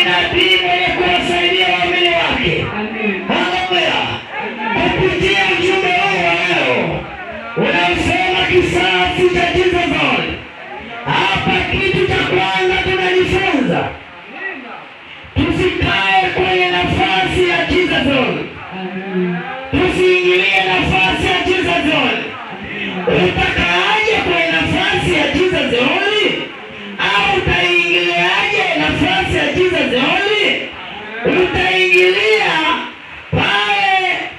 inabii mwenye kuwasaidia waamini wake. Haleluya! Kupitia ujumbe huu wa leo unaosema kisasi cha Jezebel, hapa kitu cha kwanza tunajifunza, tusikae kwenye nafasi ya Jezebel, tusiingilie nafasi ya Jezebel. mlangoni, utaingilia pale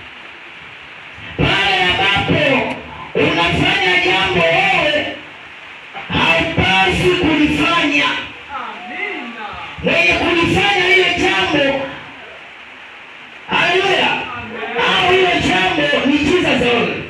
pale ambapo unafanya jambo wewe haupasi kulifanya. Mwenye kulifanya ile jambo haleluya, au ile jambo ni Jesus only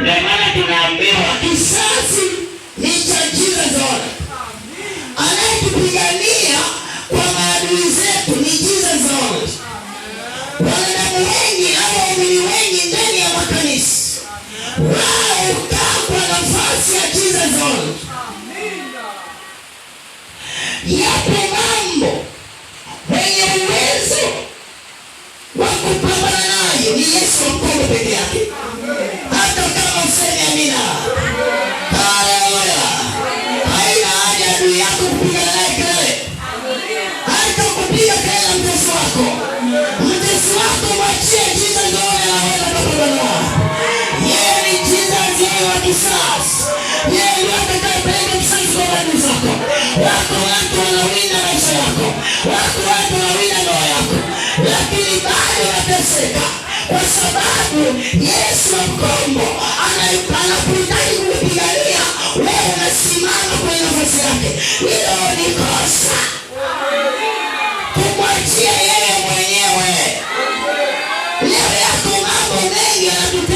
Ndio maana tunaambiwa kisasi ni cha jiwe zora. Anayetupigania kwa maadui zetu ni jiwe zora. Wanadamu wengi au waumini wengi ndani ya makanisa wao hukaa kwa nafasi ya jiwe zora. Yapo mambo wenye uwezo wa kupambana nayo ni Yesu mkono peke yake. tabu zako. Wako watu wanaolinda maisha yako, wako watu wanaolinda ndoa yako, lakini bado wanateseka kwa sababu Yesu wa mkombo anakuhitaji kupigania wewe, unasimama kwenye nafasi yake. Hilo ni kosa kumwachia yeye mwenyewe. Leo yako mambo mengi yanatupia